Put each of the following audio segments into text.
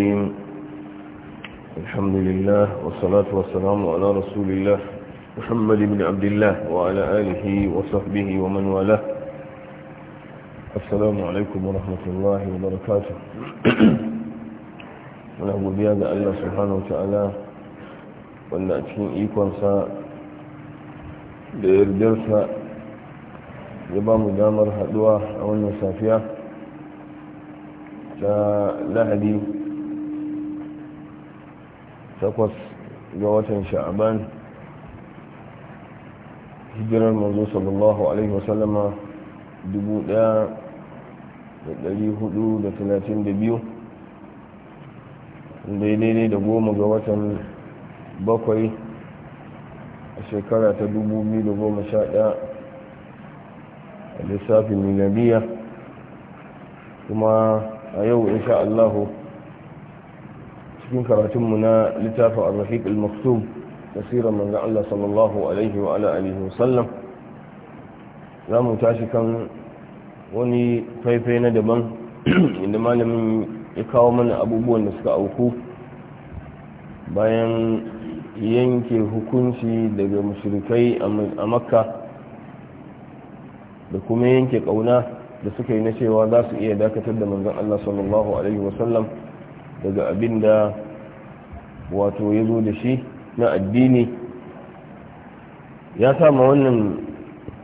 الرحيم الحمد لله والصلاة والسلام على رسول الله محمد بن عبد الله وعلى آله وصحبه ومن والاه السلام عليكم ورحمة الله وبركاته ونحن بياد الله سبحانه وتعالى wanda إيقوان سا دير da yardarsa ya ba mu damar haduwa a wannan safiya takwas ga watan sha'aban hijirar manzo sallallahu alaihi wasallama 1432 daidai da goma ga watan bakwai a shekara ta 2011 a lissafin miladiya kuma a yau insha Allahu cikin karatunmu na littafin arrafiq al-maktub tasirar manzan Allah sallallahu alaihi wa ala alihi wasallam za mu tashi kan wani faifai na daban inda malamin ya kawo mana abubuwan da suka auku bayan yanke hukunci daga mashirikai a makka da kuma yanke kauna da suka yi na cewa za su iya dakatar da manzan Allah sallallahu alaihi wasallam daga abin da wato ya zo da shi na addini ya sama wannan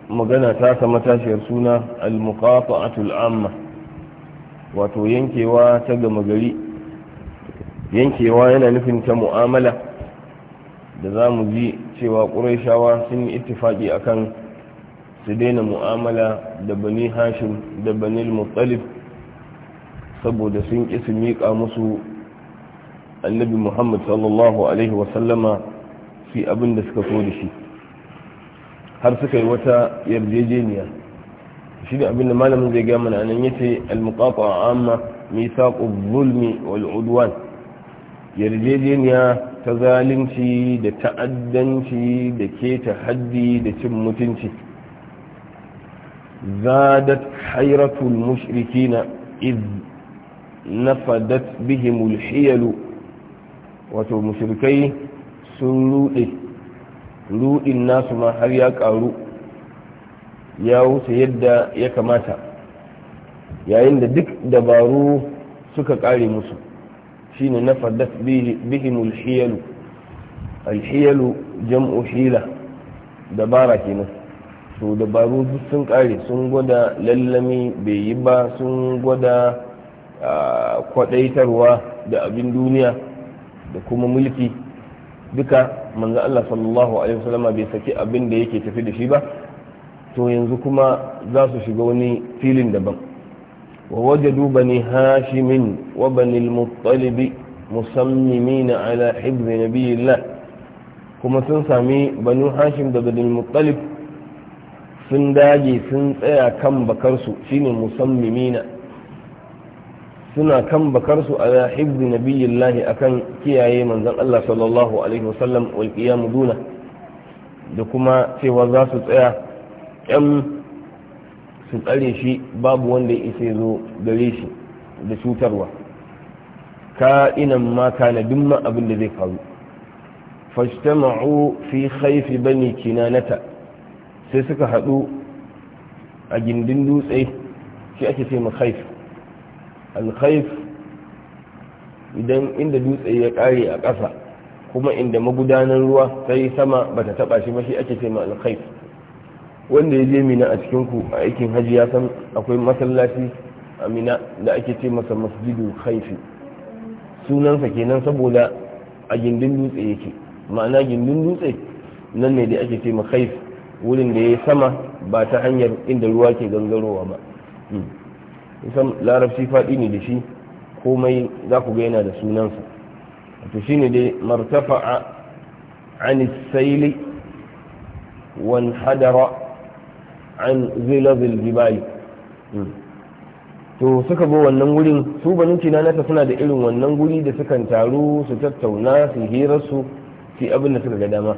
magana ta sama tashiyar suna al a amma wato yankewa ta gama gari yankewa yana nufin ta mu'amala da za mu ji cewa ƙuraishawa sun yi ittifaƙi akan su daina mu'amala da bani hashim da bani muttalib saboda sun ƙi su miƙa musu annabi muhammad sallallahu alaihi wasallama fi abin da suka so da shi har suka yi wata yarjejeniya shi da abin da malamin zai gama na nan yace al-muqata amma misaqu zulmi wal udwan yarjejeniya ta zalunci da ta'addanci da keta haddi da cin mutunci zadat hayratul mushrikina iz nafadat bihimul hiyalu wato mushrikai sun rude rudin nasu ma har ya karu ya wuce yadda ya kamata yayin da duk dabaru suka kare musu shine nafadat bihimul hiyalu alhiyalu jam'u hila dabara kenan to dabaru duk sun kare sun gwada lallami bai yi ba sun gwada kwadaitarwa da abin duniya da kuma mulki duka manzo Allah sallallahu alaihi wasallama bai saki abin da yake tafi da shi ba to yanzu kuma za su shiga wani filin daban wa wajadu bani hashimin wa bani al-muttalib musammimin ala hibz nabiyillah kuma sun sami banu hashim da bani al-muttalib sun dage sun tsaya kan bakarsu shine musammimina suna kan bakarsu a hibbi nabiyillahi akan kiyaye manzon Allah sallallahu alaihi wasallam wal duna da kuma cewa za su tsaya ƴan su tsare shi babu wanda ya zo gare shi da cutarwa ka inan ma kana dumma abin da zai faru fajtama'u fi haifi bani kinanata sai suka haɗu a gindin dutse shi ake ce mu khaifi alkhaif idan inda dutse ya kare a ƙasa kuma inda magudanar ruwa sai sama bata ta taɓa shi ba ake ce ma alkhaif wanda ya je mina a cikinku a aikin hajji ya san akwai masallaci a mina da ake ce masa masjidul khaifi sunansa kenan saboda a gindin dutse yake ma'ana gindin dutse nan ne da ake ce ma khaif wurin da ya sama ba ta hanyar inda ruwa ke gangarowa ba hmm. isan larabci faɗi ne da shi komai za ku ga yana da sunansa to shine dai martafa'a عن السيل وانحدر عن زلظ الجبال to suka bo wannan gurin su banin suna da irin wannan guri da sukan taru su tattauna su hira su fi abin da suka ga dama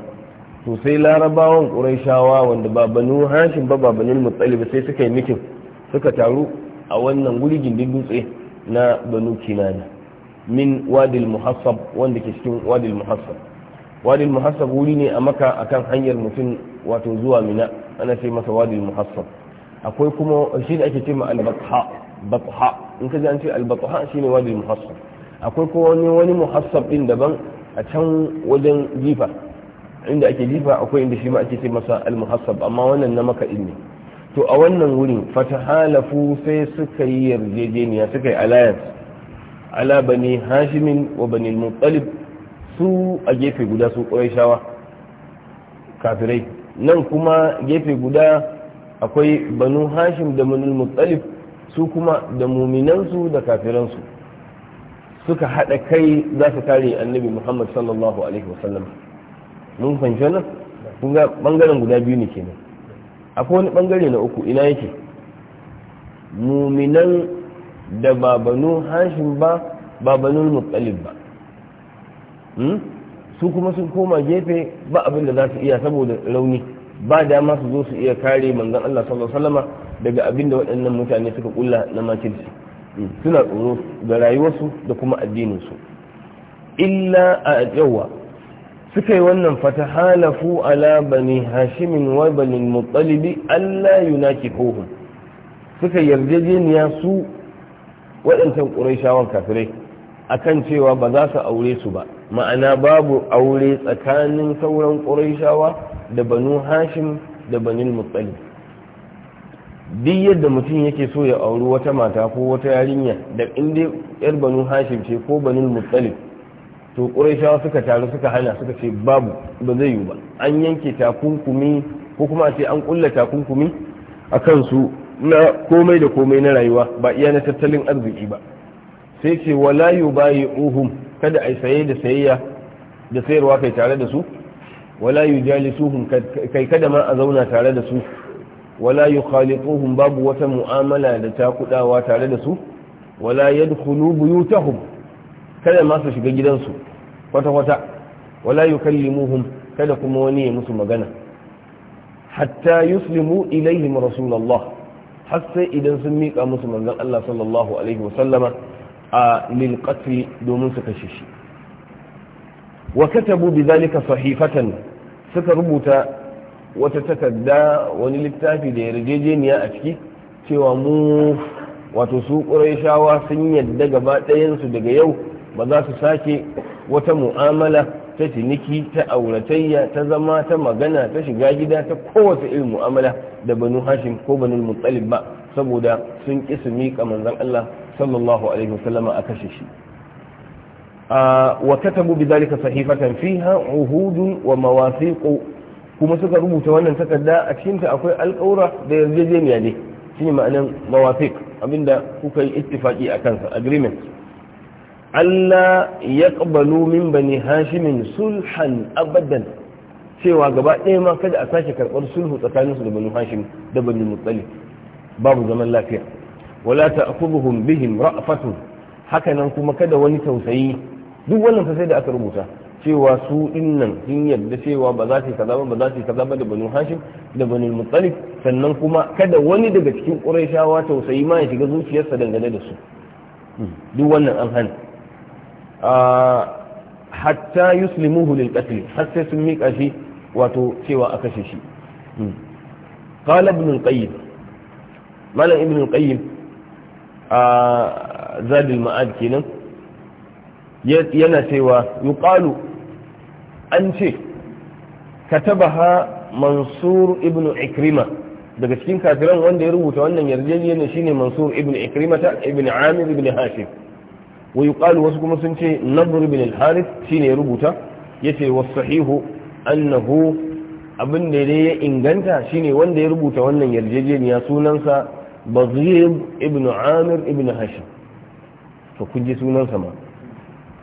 to sai larabawan shawa wanda ba banu hashin ba ba mutsalib sai suka yi mikin suka taru a wannan wuri gindin dutse na banu kinana min wadil muhassab wanda ke cikin wadil muhassab wadil muhassab wuri ne a maka akan hanyar mutum wato zuwa mina ana sai masa wadil muhassab akwai kuma shi ne ake ce ma albatha batha in ka ji an ce albatha shi ne wadil muhassab akwai kuma wani wani muhassab din daban a can wajen jifa inda ake jifa akwai inda shi ma ake ce masa almuhassab amma wannan na maka ne to a wannan wurin fatahalafu sai suka yi yarjejeniya suka yi alliance ala bani hashimin wa bani muttalib su a gefe guda su shawa kafirai nan kuma gefe guda akwai banu hashim da bani muttalib su kuma da muminansu da kafiransu suka haɗa kai za su kare annabi muhammad sallallahu alaihi wasallam mun fahimci wannan kun ga bangaren guda biyu ne kenan akwai wani bangare na uku ina yake muminan da babanu hashin ba babanun muttalib ba hmm? su kuma sun koma gefe ba abin da za su iya saboda rauni ba dama su zo su iya kare manzon Allah sallallahu alaihi daga abin da waɗannan mutane suka kulla na makirci hmm. suna tsoro ga rayuwarsu da kuma addininsu illa a yawa suka yi wannan fatahalafu ala bani hashimin wa bani mutsalibi allah yunaki kohun suka yarjejeniya su waɗancan ƙuraishawan kafirai kan cewa ba za su aure su ba ma'ana babu aure tsakanin sauran ƙurashawa da banu hashim da banin mutsalibi duk yadda mutum yake so ya auri wata mata ko wata yarinya da inda yar banu hashim ce ko banin mutsalibi to ƙuraishawa suka taru suka hana suka ce babu ba zai yi ba an yanke takunkumi ko kuma ce an ƙulla takunkumi a kansu na komai da komai na rayuwa ba iya na tattalin arziki ba sai ce wala yu bayi uhum kada a saye da sayayya da sayarwa kai tare da su wala yu jalisuhum kai kada ma a zauna tare da su wala yu khaliquhum babu wata mu'amala da ta tare da su wala yadkhulu buyutahum kada ma su shiga gidansu kwata-kwata wala yukallimuhum kada kuma wani ya musu magana hatta yuslimu ilaihim rasulullah har sai idan sun miƙa musu manzan Allah sallallahu alaihi wa a lil qatl domin su kashe shi wa katabu zalika sahifatan suka rubuta wata takarda wani littafi da yarjejeniya a ciki cewa mu wato su ƙurayshawa sun yadda gaba ɗayansu daga yau ba za su sake wata mu'amala ta ciniki ta auratayya ta zama ta magana ta shiga gida ta kowace irin mu'amala da banu hashim ko banu mutsalin ba saboda sun ƙi su miƙa manzon Allah sallallahu alaihi wasallama a kashe shi wa katabu bidhalika sahifatan fiha uhudun wa mawathiq kuma suka rubuta wannan takarda a cikin ta akwai alƙawura da yarjejeniya ne shine ma'anan mawathiq abinda kuka yi ittifaqi akan sa agreement Allah ya ƙabalu min bani hashimin sulhan abadan cewa gaba ɗaya ma kada a sake karɓar sulhu tsakaninsu da bani hashim da bani mutsali babu zaman lafiya wala ta'khudhuhum bihim ra'fatun haka nan kuma kada wani tausayi duk wannan fa sai da aka rubuta cewa su nan sun yarda cewa ba za su kaza ba za su kaza ba da banu hashim da banu mutsali sannan kuma kada wani daga cikin ƙurayshawa tausayi ma ya shiga zuciyarsa dangane da su duk wannan an hana hatta yuslimuhu lil qatl har sun wato cewa aka kashe shi qala ibn al-qayyim malam ibn al-qayyim a al ma'ad kenan yana cewa yuqalu an ce katabaha mansur ibn ikrima daga cikin kafiran wanda ya rubuta wannan yarjejeniya shine mansur ibn ikrima ibn amir ibn hashim Wai yuqalu wasu kuma sun ce nadr bin al-harith shine ya rubuta ya ce was sahihu annahu abin da ya inganta shine wanda ya rubuta wannan yarjejeniya sunansa bazir ibn amir ibn hashim to kun ji sunansa ma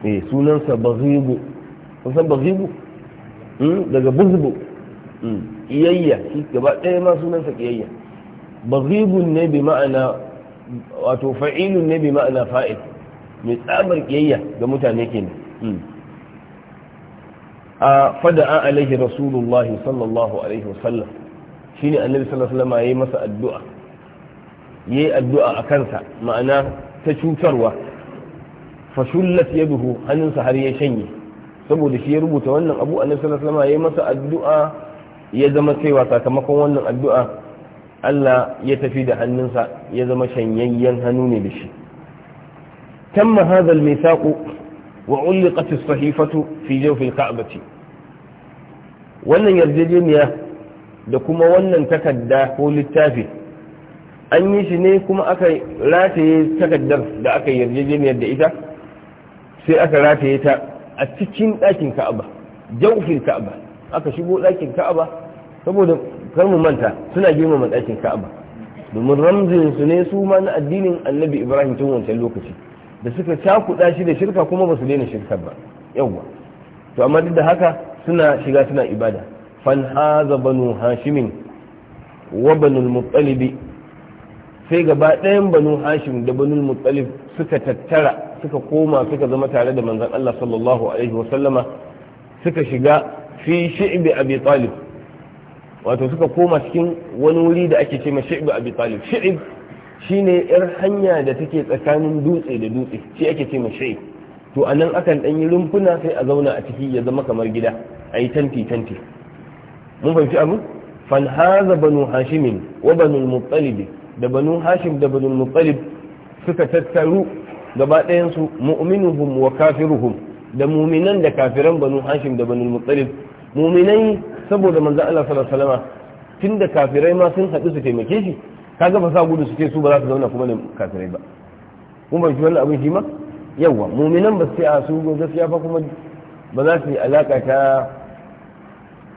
eh sunansa bazibu kun san bazibu hmm, daga buzbu hmm, iyayya shi gaba ɗaya ma sunansa iyayya bazibun ne bi ma'ana wato fa'ilun ne bi ma'ana fa'il mai tsamar kiyayya ga mutane ke ne hmm. a fada an alaihi rasulullah sallallahu alaihi wasallam shi ne annabi sallallahu alaihi ya yi masa addu'a ya yi addu'a a kansa ma'ana ta cutarwa fashullat ya duhu hannunsa har ya shanye saboda shi ya rubuta wannan abu annabi sallallahu alaihi ya yi masa addu'a ya zama cewa sakamakon wannan addu'a Allah ya tafi da hannunsa ya zama shanyayyen hannu ne da shi تم هذا الميثاق وعلقت الصحيفة في جوف ce. wannan yarjejeniya da kuma wannan takarda ko littafi an yi shi ne kuma aka rataye takardar da aka yarjejeniyar da ita sai aka rataye ta a cikin ɗakin ka'aba jaufin ka'aba aka shigo ɗakin ka'aba saboda kar mu manta suna girmama ɗakin ka'aba domin ramzin ne su ma na addinin annabi ibrahim tun wancan lokaci da suka cakuɗa shi da shirka kuma ba su daina shirkar ba yawwa to amma duk da haka suna shiga suna ibada fanhaza banu hashimin wa banu muttalib sai gaba ɗayan banu hashim da banu muttalib suka tattara suka koma suka zama tare da manzon Allah sallallahu alaihi wa sallama suka shiga fi shi'bi abi talib wato suka koma cikin wani wuri da ake ce ma shi'bi abi talib shi'bi shi ne yar hanya da take tsakanin dutse da dutse shi ake ce shai to a nan akan ɗan yi rumfuna sai a zauna a ciki ya zama kamar gida a yi tanti tanti mun fahimci abu fan haza banu hashimin wa banu muttalib da banu hashim da banu muttalib suka tattaru gaba ɗayan su mu'minuhum wa kafiruhum da muminan da kafiran banu hashim da banu muttalib muminai saboda manzo Allah sallallahu alaihi wasallam tunda kafirai ma sun haɗu su taimake shi kaga ba sa gudu su ce su ba za su zauna kuma ne kafirai ba kuma ban shi wannan abin shi ma yawa muminan ba su ce a su gaskiya fa kuma ba za su yi alaka ta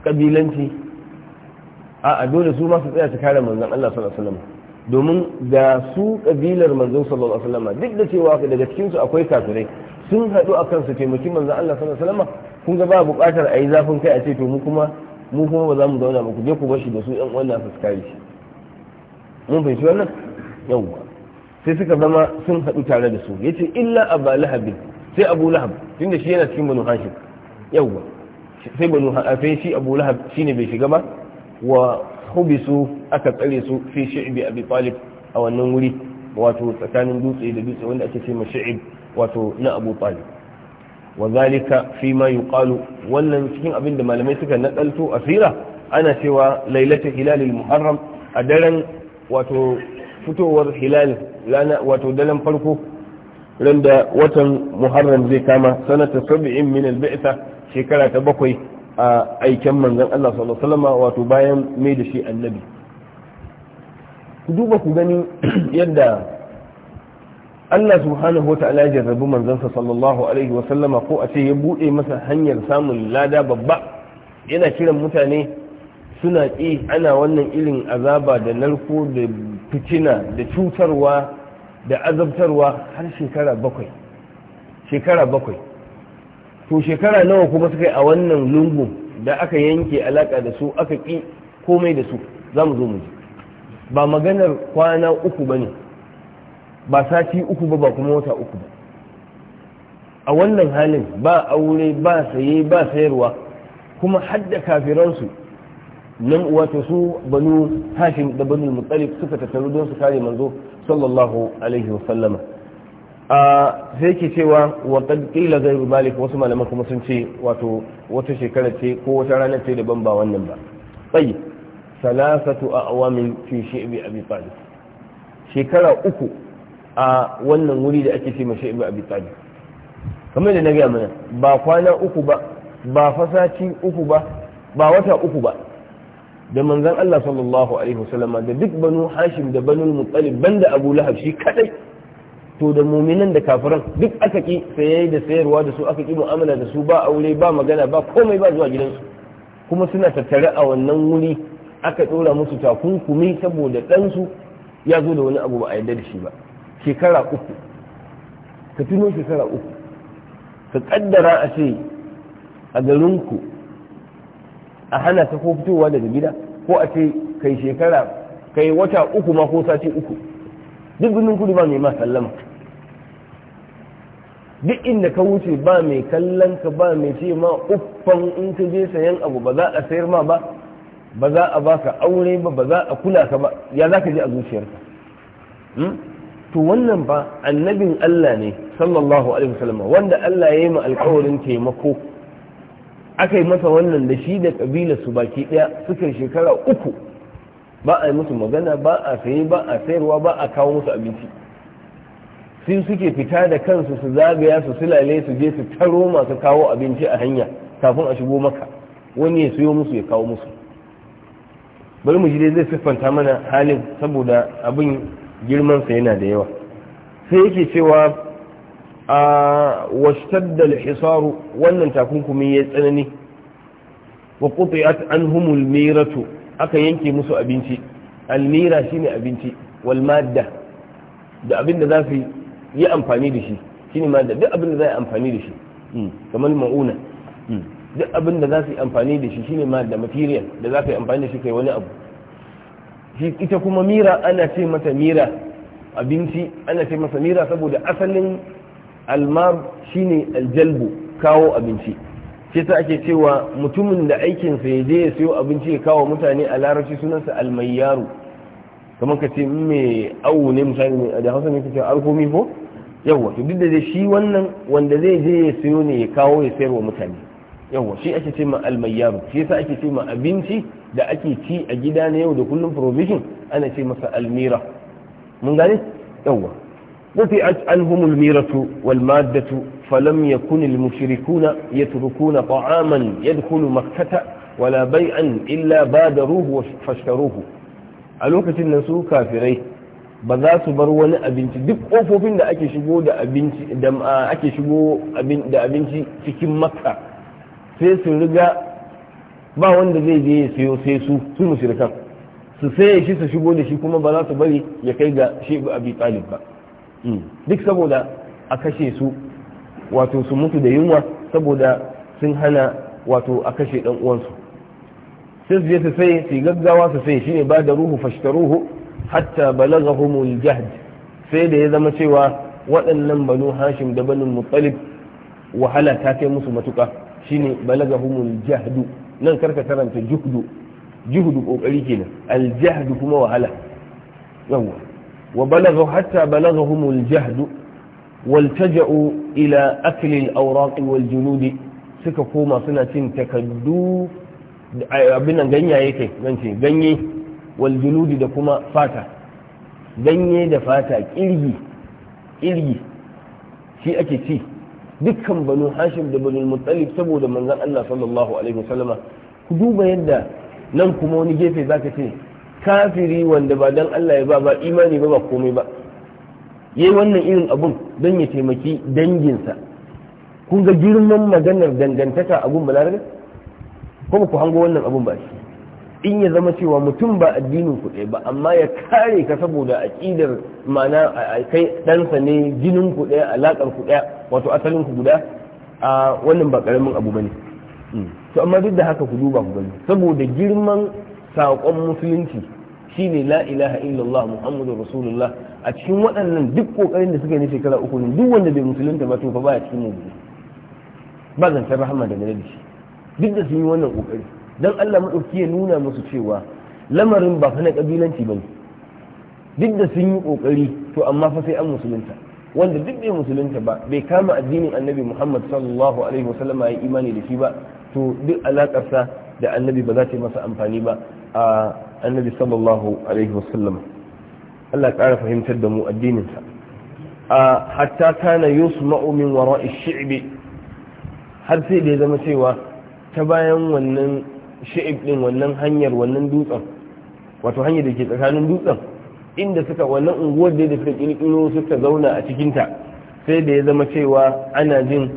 kabilanci a dole su ma su tsaya su kare manzon Allah sallallahu alaihi wasallam domin da su kabilar manzon sallallahu alaihi wasallam duk da cewa daga cikin su akwai kafirai sun haɗu akan su taimaki manzon Allah sallallahu alaihi wasallam kun ga ba buƙatar a yi zafin kai a ce to mu kuma mu kuma ba za mu zauna ba ku je ku bar shi da su ɗan uwan nasu su kare shi mun fahimci wannan yawwa sai suka zama sun haɗu tare da su yace illa abu lahabin sai abu lahab da shi yana cikin banu hashim yawwa sai banu hafe shi abu lahab shine bai shiga ba wa hubisu aka tsare su fi shi'bi abi talib a wannan wuri wato tsakanin dutse da dutse wanda ake ce ma shi'ib wato na abu talib wa zalika fi ma yuqalu wannan cikin abin da malamai suka nakalto a sira ana cewa lailatul hilalil muharram a daren wato fitowar hilal wato daren farko randa watan muharram zai kama sanata sab'in min al shekara ta bakwai a aiken manzon Allah sallallahu alaihi wasallam wato bayan mai da shi annabi ku duba ku gani yadda Allah subhanahu wa ta'ala ya jarrabu manzansa sallallahu alaihi wa sallama ko a ce ya bude masa hanyar samun lada babba yana kiran mutane suna ƙi ana wannan irin azaba da narko da fitina da cutarwa da azabtarwa har shekara bakwai shekara bakwai to shekara nawa kuma suka yi a wannan lungu da aka yanke alaƙa da su aka ƙi komai da su za mu zo mu ji ba maganar kwana uku ba ne ba sati uku ba ba kuma wata uku ba a wannan halin ba aure ba saye ba sayarwa kuma hadda kafiransu nan wato su banu hashim da banu mutsalif suka tattaru don su kare manzo sallallahu alaihi sallama a sai ke cewa wa qad qila ghayru malik wasu malaman kuma sun ce wato wata shekara ce ko wata rana ce daban ba wannan ba tsayi salasatu awamin fi shi'bi abi talib shekara uku a wannan wuri da ake ce ma shi'bi abi talib kamar da na gaya mana ba kwana uku ba ba fasaci uku ba ba wata uku ba da manzan Allah sallallahu alaihi wasallam da duk banu hashim da banu muttalib banda abu lahab shi kadai to da muminan da kafiran duk aka ki saye da sayarwa da su aka ki mu'amala da su ba aure ba magana ba komai ba zuwa gidansu kuma suna tattare a wannan wuri aka dora musu takunkumi saboda ɗansu ya zo da wani abu ba a yarda da shi ba shekara uku ka tuno shekara uku ka kaddara a ce a garinku a hana ta ko fitowa daga gida ko a ce kai shekara kai wata uku ma ko sati uku duk birnin kudu ba mai ma sallama duk inda ka wuce ba mai kallon ka ba mai ce ma uffan in ka je sayan abu ba za a sayar ma ba ba za a baka aure ba ba za a kula ka ba ya za ka ji a zuciyarka hmm? to wannan ba annabin Allah ne sallallahu alaihi wasallam wanda Allah ya yi ma alƙawarin taimako aka yi masa wannan da shi da kabila su baki ɗaya suka shekara uku ba a yi musu magana ba a saye ba a sayarwa ba a kawo musu abinci sai suke fita da kansu su zagaya su silale su je su taro masu kawo abinci a hanya kafin a shigo maka wani ya siyo musu ya kawo musu bari mu dai zai siffanta mana halin saboda abin girmansa yana da yawa sai yake cewa a washtadda al-hisaru wannan takunkumi ya tsanani wa an anhumul miratu aka yanke musu abinci almira shi ne abinci wal da abin da za su yi amfani da shi ne mada duk abin da za yi amfani da shi kamar ma'una duk abin da za su yi amfani da shi ne mada material da za su yi amfani da shi kai wani abu ita kuma mira ana ce mata mira abinci ana ce masa mira saboda asalin almar shine aljalbu kawo abinci ce ta ake cewa mutumin da aikinsa ya je ya sayo abinci ya kawo mutane a larabci sunansa almayyaru kamar ka ce mai awu ne misali da hausa ne ka ce alkomi ko yawa to duk da shi wannan wanda zai je ya sayo ne ya kawo ya sayarwa mutane yawa shi ake ce ma almayyaru shi yasa ake ce ma abinci da ake ci a gida na yau da kullum provision ana ce masa almira mun gane yawa قطعت عنهم الميرة والمادة فلم يكن المشركون يتركون طعاما يدخل مكة ولا بيعا إلا بادروه فاشتروه ألوكة النسو كافرين ba za su bar wani abinci duk ƙofofin da ake shigo da abinci da ake shigo abinci cikin makka sai su riga ba wanda zai je ya siyo sai su su su saye shi su shigo da shi kuma ba za su bari ya kai ga shebu abi talib ba duk saboda a kashe su wato su mutu da yunwa saboda sun hana wato a kashe dan uwansu sai su je su sai su gaggawa su sai shine ba da ruhu ruhu hatta balagahumul jahd sai da ya zama cewa waɗannan banu hashim da banin muttalib wahala ta kai musu matuka shine balagahumul jahdu nan karka karanta juhudu juhdu kokari kenan al kuma wahala yawwa وبلغوا حتى بلغهم الجهد والتجأوا إلى أكل الأوراق والجنود سكفوما سنة تكدو abin nan ganyaye kai zance ganye waljuludi da kuma fata ganye da fata kirgi kirgi shi ake ci dukkan banu hashim da banu muttalib saboda manzon Allah sallallahu alaihi wasallama ku duba yadda nan kuma wani gefe zaka ce kafiri wanda ba dan Allah ya ba ba imani ba ba komai ba yayi wannan irin abun dan ya taimaki danginsa kun ga girman maganar dangantaka abun balarabe ko ku hango wannan abun ba shi in ya zama cewa mutum ba addinin ku ɗaya ba amma ya kare ka saboda aqidar mana kai ɗansa ne jinin ku ɗaya alaƙar ku ɗaya wato asalin ku guda a wannan ba ƙaramin abu bane hmm. to amma duk da haka ku duba ku gani saboda girman saƙon musulunci shine la ilaha illallah muhammadu rasulullah a cikin waɗannan duk ƙoƙarin da suka yi na shekara uku ne duk wanda bai musulunta ba to fa baya cikin mu'mini ba zancen rahama da gare shi duk da sun yi wannan ƙoƙari dan Allah madauki ya nuna musu cewa lamarin ba fa na kabilanci bane duk da sun yi ƙoƙari to amma fa sai an musulunta wanda duk bai musulunta ba bai kama addinin annabi muhammad sallallahu alaihi wasallama ya imani da shi ba to duk alakarsa da annabi ba za ta yi masa amfani ba a annabi sallallahu alaihi wasallam Allah ƙara fahimtar da mu addininsa a hatta kana yusma'u min wara'i shi'bi har sai da ya zama cewa ta bayan wannan shi'ib din wannan hanyar wannan dutsen wato hanyar da ke tsakanin dutsen inda suka wannan unguwar da suka kirkiro suka zauna a cikinta sai da ya zama cewa ana jin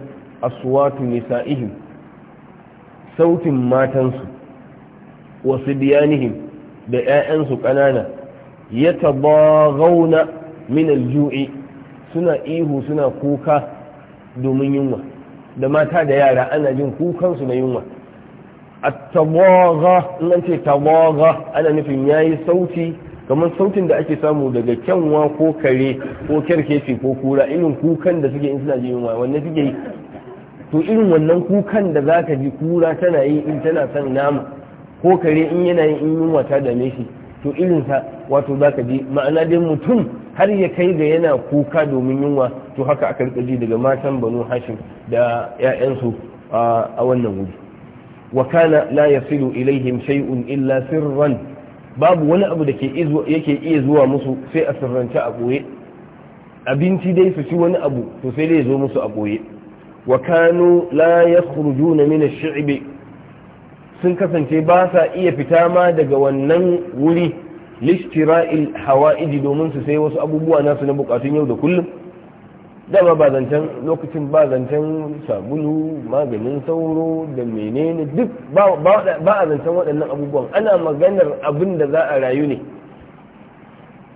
aswatu nisa'ihim sautin matansu wasu sibiyanihim da 'ya'yansu ƙanana ya taɓa min alju'i suna ihu suna kuka domin yunwa da mata da yara ana jin kukansu na yunwa a taɓa in ce ana nufin ya yi sauti kamar sautin da ake samu daga kyanwa ko kare ko kyarkeci ko kura irin kukan da suke in suna jin yunwa wanne suke yi to irin wannan kukan da za ka ji kura tana yi in tana son nama ko kare in yana yin in yunwa ta dame shi to irinsa wato za ka ji ma'ana dai mutum har ya kai ga yana kuka domin yunwa to haka aka rika ji daga matan banu hashim da 'ya'yansu a wannan wuri wa kana la yasilu ilaihim shay'un illa sirran babu wani abu da yake iya zuwa musu sai a sirrance a boye abinci dai su ci wani abu to sai dai zo musu a boye wa kanu la yakhrujuna min ash-shi'bi sun kasance ba sa iya fita ma daga wannan wuri lishtira'il hawa'iji domin su sai wasu abubuwa nasu na bukatun yau da kullum dama ba zancen lokacin ba zancen sabulu maganin sauro da menene duk ba a zancen waɗannan abubuwan ana maganar abin da za a rayu ne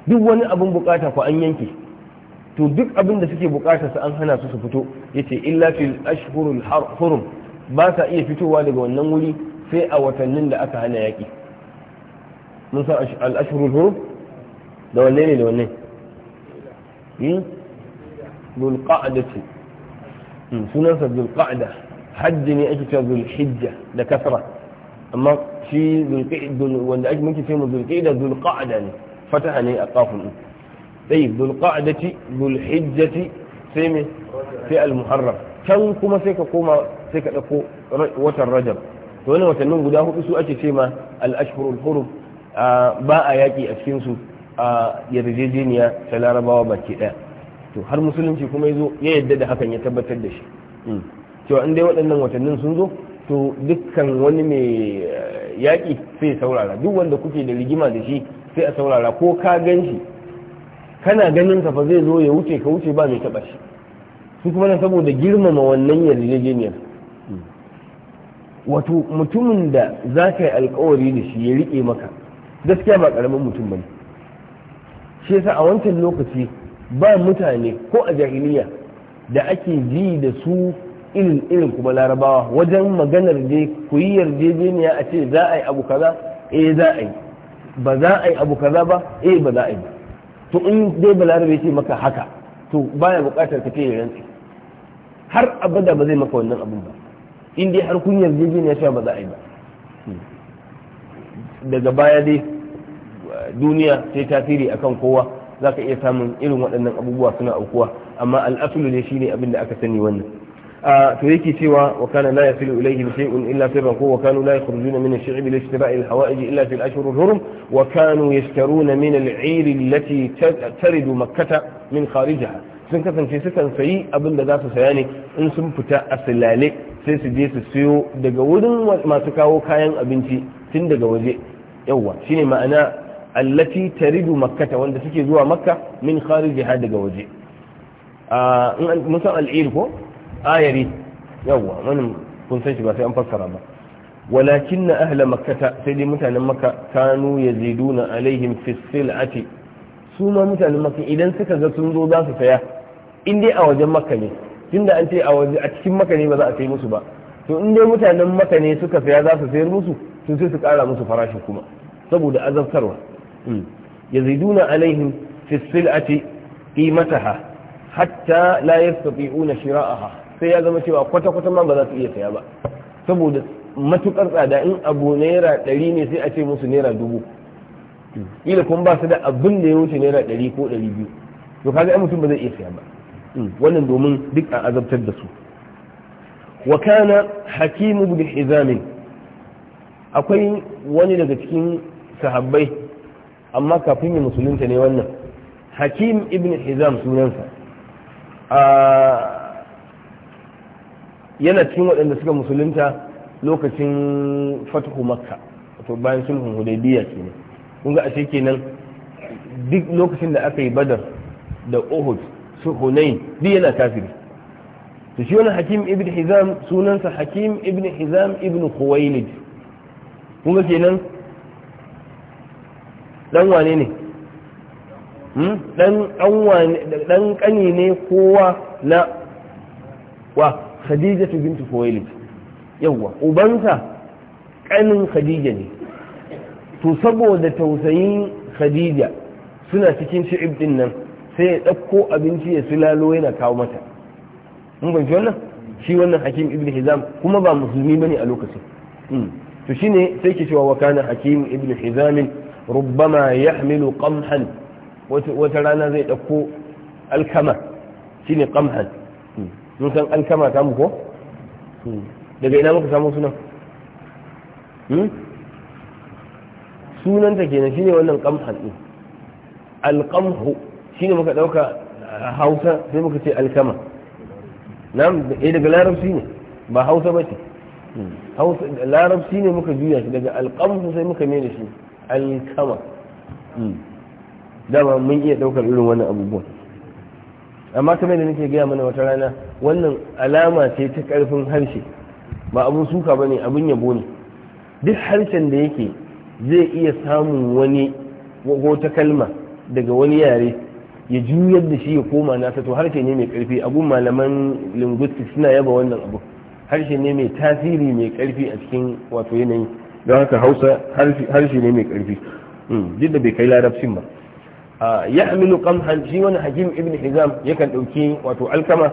duk wani abin bukata ku an yanke to duk abin da suke bukata su an hana su su fito yace illa fil ashhurul hurum ba sa iya fitowa daga wannan wuri sai a watannin da aka hana yaƙi mun san al'ashirul hurum da wanne ne da wanne zulqa'adati hmm, sunansa zulqa'ada hajji ne ake cewa zulhijja da kasra amma shi wanda ake muke ce mu zulqa'ada zulqa'ada ne fataha ne a kafin sai zulqa'adati zulhijjati sai me sai al-muharram can kuma sai ka koma sai ka ɗauko watan rajab to wannan watannin guda hudu su ake ce ma al-ashhurul hurum ba a yaki a cikin su a yarjejeniya ta larabawa baki daya to har musulunci kuma yazo ya yadda da hakan ya tabbatar da shi hmm. to in dai waɗannan watannin sun zo to dukkan wani mai eh, yaƙi sai saurara duk wanda kuke da rigima da shi sai a saurara ko ka gan shi kana ganin ka fa zai zo ya wuce ka wuce ba mai taɓa shi su kuma na saboda girmama wannan yarjejeniyar wato mutumin da za ka yi alkawari da shi ya riƙe maka gaskiya ba ƙaramin mutum ba ne shi yasa a wancan lokaci ba mutane ko a jahiliya da ake ji da su irin irin kuma larabawa wajen maganar je ku yi yarjejeniya a ce za a yi abu kaza eh za a yi ba za a yi abu kaza ba eh ba za a yi to in dai balarabe ce maka haka to baya bukatar ka ce rantsi har abada ba zai maka wannan abun ba in dai har kun yarjejeniya cewa ba za a yi ba daga baya dai duniya sai tasiri kan kowa za ka iya samun irin waɗannan abubuwa suna aukuwa amma al'asulu ne shine abin da aka sani wannan to yake cewa wa kana la yasilu ilayhi shay'un illa sirran ko wa kanu la yakhrujuna min ash-shi'bi li ishtira'i al-hawa'ij illa fi al-ashhur al-hurum wa kanu yashtaruna min al-'ir allati taridu makkah min kharijiha sun kasance sukan sayi abin da za su saya ne in sun fita asilale sai su je su siyo daga wurin masu kawo kayan abinci tun daga waje yawwa shine ma'ana allati taridu makkata wanda suke zuwa makka min kharijiha daga waje a mun al'ir ko ayari yawwa wannan kun san shi ba sai an fassara ba walakin na ahla makkata sai dai mutanen makka kanu yaziduna alaihim fi sil'ati su ma mutanen makka idan suka ga sun zo za su saya in dai a wajen makka ne tunda an ce a waje a cikin maka ne ba za a sai musu ba to in dai mutanen maka ne suka saya za su sayar musu to sai su kara musu farashin kuma saboda azabtarwa hmm. yaziduna alaihim fi sil'ati qimataha hatta la yastati'una shira'aha sai ya zama cewa kwata kwata ma ba za su iya saya ba saboda matukar tsada in abu naira ɗari ne sai a ce musu naira dubu ila kun ba su da abin da ya wuce naira ɗari ko ɗari biyu to kaga ai mutum ba zai iya saya ba Mm. wannan domin duk a azabtar da su wa kana hakim ibn hizam akwai wani daga cikin sahabbai amma kafin ya musulunta ne wannan hakim ibn hizam sunansa yana cikin waɗanda suka musulunta lokacin fatahu makka to bayan sulhun hudaybiya kenan kun ga ashe kenan duk lokacin da aka yi badar da uhud su hunain duk yana kafiri to shi wani hakim ibn hizam sunansa hakim ibn hizam ibn khuwailid kuma kenan dan wane ne hmm? dan kani ne kowa na wa khadija bintu khuwailid yawa ubansa kanin khadija ne to saboda tausayin khadija suna cikin shi'ib din nan sai ya ɗauko abinci ya silalo yana kawo mata mun fahimci wannan shi wannan hakim ibn hizam kuma ba musulmi bane a lokacin hmm. to shine sai ke cewa wa kana hakim ibn hizam rubbama yahmilu qamhan wata rana zai ɗauko alkama shine qamhan hmm. mun san alkama ta ko hmm. daga ina muka samu sunan sunanta kenan shine wannan qamhan din alqamhu shine muka ɗauka a hausa sai muka ce alkama nam eh daga larabci ne ba hausa ba ce hausa larabci ne muka juya shi daga alkamsu sai muka mene shi alkama dama mun iya ɗaukar irin wannan abubuwan amma kamar da nake gaya mana wata rana wannan alama ce ta karfin harshe ba abun suka ba ne abun yabo ne duk harshen da yake zai iya samun wani wata kalma daga wani yare ya juyar da shi ya koma nasa to harshe ne mai karfi abun malaman linguistics suna yaba wannan abu harshe ne mai tasiri mai karfi a cikin wato yanayi don haka hausa harshe ne mai karfi hmm, duk da bai kai larabcin ba ya aminu kamhan shi wani hakim ibn hizam yakan ɗauki wato alkama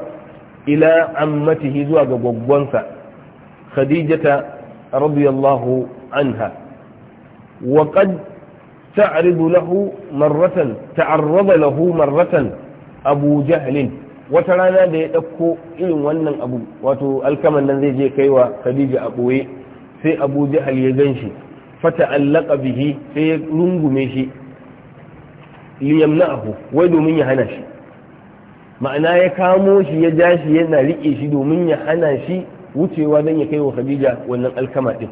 ila ammatihi zuwa ga gwaggwansa khadijata radiyallahu anha wa qad تعرض له مرة تعرض له مرة أبو جهل وترانا دي تكو إلن ونن أبو واتو الكمن نزي جي كيوا خديجة أبوي سي أبو جهل يغنشي فتعلق به سي ننغو ميشي ليمنعه ويدو من يهنشي ma'ana ya kamo shi ya ja shi yana riƙe shi domin ya hana shi wucewa don ya kai wa khadija wannan alkama din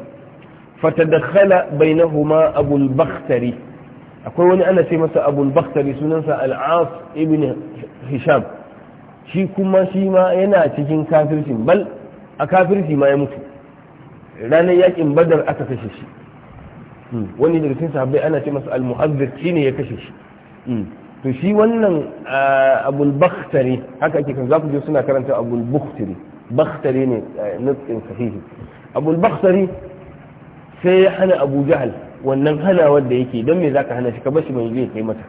fatadakhala bainahuma abul bakhtari akwai wani ana ce masa abul baktari sunansa al'as ibn hisham shi kuma shi ma yana cikin kafircin bal a kafirci ma ya mutu ranar yakin badar aka kashe shi hmm. wani daga cikin sahabbai ana ce masa al-muhazzir shine ya kashe shi hmm. to shi wannan ah, abul bakhtari haka ake kan za ku je suna karanta abul bakhtari bakhtari ne eh, nutsin sahihi abul bakhtari sai ya hana abu jahal wannan hana wanda yake don me za ka hana shi ka bashi mai zai kai mata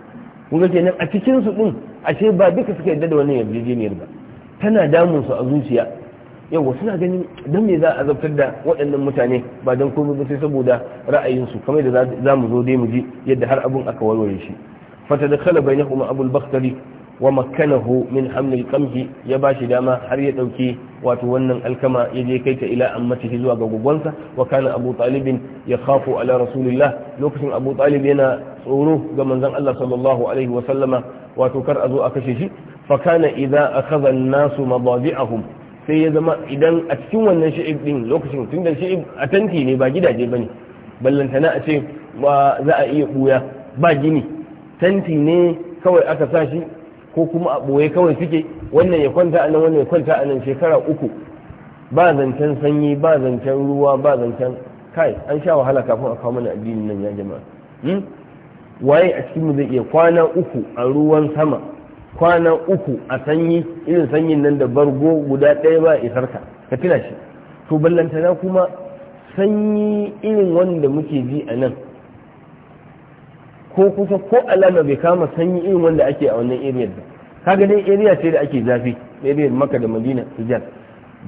kun ga kenan a cikin su din ashe ba duka suka yadda da wannan yarjejeniyar ba tana damun su a zuciya yawa suna ganin don me za a azabtar da waɗannan mutane ba don komai ba sai saboda ra'ayinsu kamar da za mu zo dai mu ji yadda har abun aka warware shi fata da kala bainahuma abul bakhtari wa makkanahu min hamlil qamhi ya bashi dama har ya dauke wato wannan alkama ya je kai ta ila ammatihi zuwa ga gugunsa wa kana abu talib ya khafu ala rasulillah lokacin abu talib yana tsoro ga manzon Allah sallallahu alaihi wa sallama wato kar a zo a kashe shi fa kana idza akhadha an-nasu mabadi'ahum sai ya zama idan a cikin wannan shi'ib din lokacin tunda shi'ib a tanti ne ba gidaje bane ballantana a ce ba za a iya buya ba gini tanti ne kawai aka sa shi ko kuma a ɓoye kawai suke wannan ya kwanta a nan wannan ya kwanta a nan shekara uku ba zancen sanyi ba zancen ruwa ba zancen kai an sha wahala kafin a kawo mana addinin nan ya jama'a hmm? waye a cikin mu zai iya kwana uku a ruwan sama kwana uku a sanyi irin sanyin nan da bargo guda ɗaya ba isar ka ka tuna shi to ballantana kuma sanyi irin wanda muke ji a nan ko kusa ko alama bai kama sanyi irin wanda ake a wannan area ba kaga dai area ce da ake zafi area maka da madina hijaz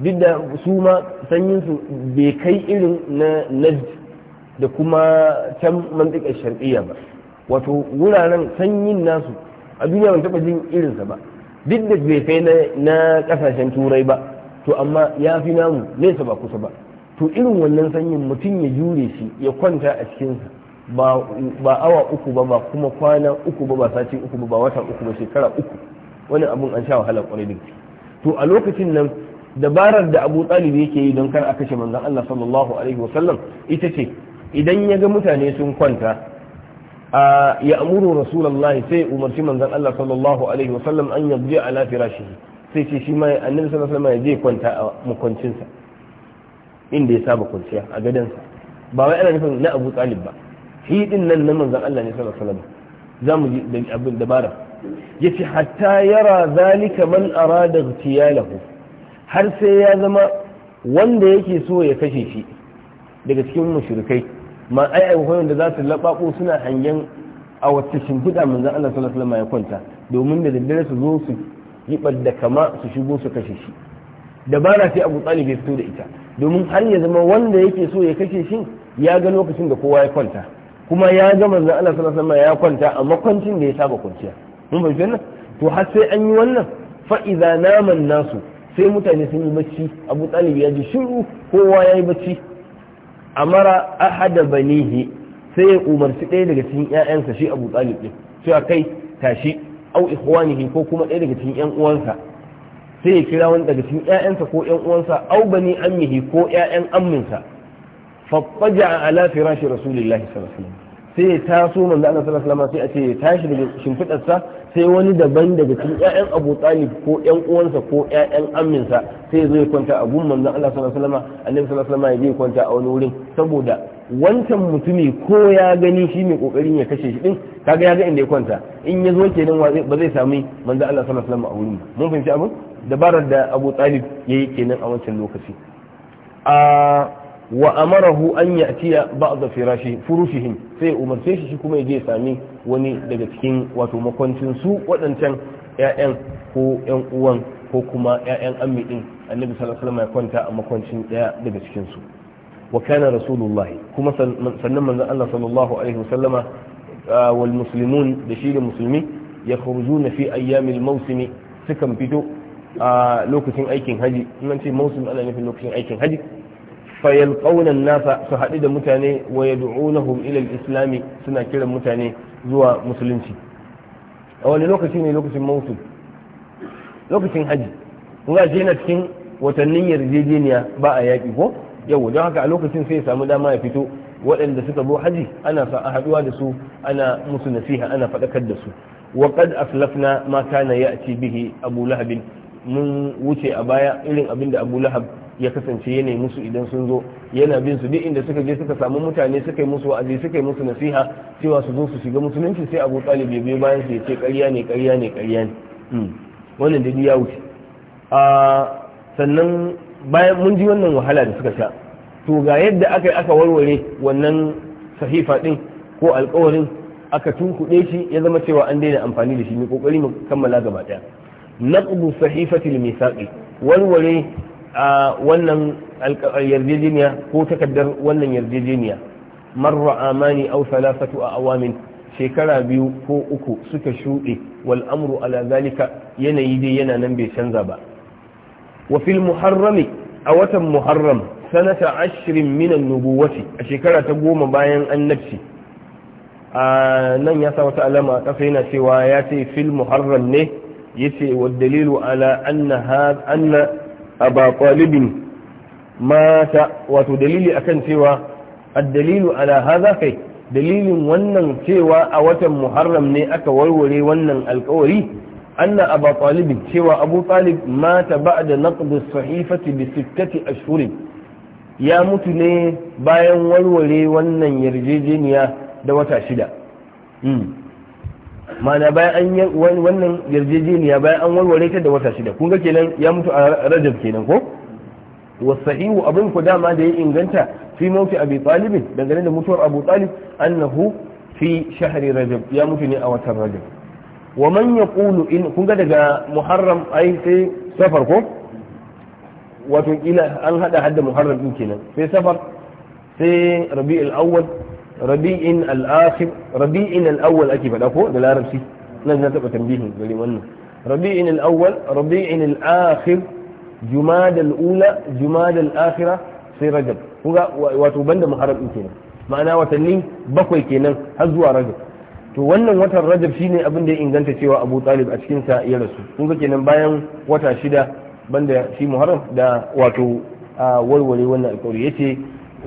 duk da su ma sanyin su bai kai irin na najd da kuma can mantika shar'iyya ba wato wuraren sanyin nasu a duniya ban taba jin irinsa ba duk da bai kai na kasashen turai ba to amma ya fi namu nesa ba kusa ba to irin wannan sanyin mutum ya jure shi ya kwanta a cikinsa ba awa uku ba ba kuma kwana uku ba ba sati uku ba ba wata uku ba shekara uku wani abun an sha wahala kwarai da to a lokacin nan dabarar da abu Talib yake yi don kar a kashe manzon Allah sallallahu alaihi sallam ita ce idan ya ga mutane sun kwanta ya amuru rasulullahi sai umarci manzon Allah sallallahu alaihi sallam an yabji ala firashihi sai ce shi ma annabi sallallahu alaihi sallam ya je kwanta a makwancinsa inda ya saba kwanciya a gadansa ba wai ana nufin na Abu Talib ba shi din nan na manzon Allah ne sallallahu alaihi wasallam zamu ji abin dabara yace hatta yara zalika man arada ightiyalahu har sai ya zama wanda yake so ya kashe shi daga cikin mushrikai ma ai ai wanda za su labako suna hangen a wata shimfiɗa manzon Allah sallallahu alaihi ya kwanta domin da daddare su zo su yi da kama su shigo su kashe shi dabara sai Abu Talib ya fito da ita domin har ya zama wanda yake so ya kashe shi ya ga lokacin da kowa ya kwanta kuma ya gama manzon Allah sallallahu alaihi ya kwanta a makwancin da ya saba kwanciya mun bai nan to har sai an yi wannan fa idza naman nasu sai mutane sun yi bacci Abu Talib ya ji shiru kowa ya yi bacci amara ahada banihi sai ya umarci ɗaya daga cikin ƴaƴansa shi Abu Talib din cewa kai tashi au ikhwanihi ko kuma ɗaya daga cikin ƴan uwansa sai ya kira wani daga cikin ƴaƴansa ko ƴan uwansa au bani ammihi ko 'ya'yan amminsa رسول الله صلى الله عليه وسلم sai ya taso manzo Allah sallallahu alaihi sai a ce ya tashi daga shimfidarsa sai wani daban daga cikin ƴaƴan Abu Talib ko ƴan uwansa ko ƴaƴan amminsa sai ya zo ya kwanta a gun manzo Allah sallallahu alaihi annabi sallallahu alaihi ya je kwanta a wani wurin saboda wancan mutumi ko ya gani shi ne kokarin ya kashe shi din kaga ya ga inda ya kwanta in ya zo kenan ba zai sami manzo Allah sallallahu alaihi a wurin mun fahimci abin dabarar da Abu Talib yayi kenan a wancan lokaci a wa amarahu an ya'tiya ba'd firashi furushihim sai umarce shi shi kuma ya je sami wani daga cikin wato makwancin su waɗancan ƴaƴan ko ƴan uwan ko kuma ƴaƴan ammi din annabi sallallahu alaihi wasallam ya kwanta a makwancin ɗaya daga cikin su wa kana rasulullah kuma sannan manzon Allah sallallahu alaihi wasallama wal muslimun da shi da musulmi ya khurujuna fi ayyamil mawsimi sukan fito a lokacin aikin haji in ce mawsim ana nufin lokacin aikin haji فيلقون الناس سحدد متاني ويدعونهم suna الإسلام mutane zuwa musulunci. A wani lokaci ne lokacin mautu? Lokacin haji, nga je na cikin watannin yarjejeniya ba a yaƙi ko yau don haka a lokacin sai ya samu dama ya fito waɗanda suka zo haji ana sa a haɗuwa da su ana musu nasiha ana faɗakar da su wa qad aslafna ma kana ya'ti bihi abu lahab mun wuce a baya irin abin da abu lahab ya kasance ya nemi su idan sun zo yana bin su duk inda suka je suka samu mutane suka yi musu wa'azi suka yi musu nasiha cewa su zo su shiga musulunci sai abu talib ya biyo bayan su ya ce ƙarya ne ƙarya ne ƙarya ne hmm. wannan da ya wuce ah, sannan bayan mun ji wannan wahala da suka sha to ga yadda aka yi aka warware wannan sahifa din ko alkawarin aka tunkuɗe shi ya zama cewa an daina amfani da shi ne ƙoƙari mu kammala gaba ɗaya naqdu sahifatil misaqi warware a wannan yarjejeniya ko takaddar wannan yarjejeniya marra amani salasatu a awamin shekara biyu ko uku suka shuɗe wal amru ala zalika yanayi dai yana nan bai canza ba wa fil muharrami a watan muharram sanata ashirin minan nubuwati a shekara ta goma bayan annabci a nan ya sa wata alama a ƙasa yana cewa ya ce fil muharram ne ya ce wa dalilu ala anna aba talibin mata wato dalili akan cewa addalilu ala hadha kai dalilin wannan cewa a watan muharram ne aka warware wannan alkawari anna aba talibin cewa abu talib mata ba'da naqdu sahifati bi sittati ashhur ya mutu ne bayan warware wannan yarjejeniya da wata shida mana bayan an wannan yarjejeniya bayan an warware ta da wata shida kun ga kenan ya mutu a rajab kenan ko wasahihu abin ku dama da ya inganta fi mauti abi talib dangane da mutuwar abu talib annahu fi shahri rajab ya mutu ne a watan rajab wa man yaqulu in kun ga daga muharram ai sai safar ko wato kila an hada hadda muharram din kenan sai safar sai rabi'ul awwal rabi'in al-akhir rabi'in al-awwal ake faɗa ko da larabci nan na taɓa tambihin gari wannan rabi'in al-awwal rabi'in al-akhir jumada al-ula jumada al-akhira sai rajab kuga wato banda muharram kenan ma'ana watanni bakwai kenan har zuwa rajab to wannan watan rajab shine abin da ya inganta cewa abu talib a cikin sa ya rasu kun ga kenan bayan wata shida banda shi muharram da wato a warware wannan alƙawari yace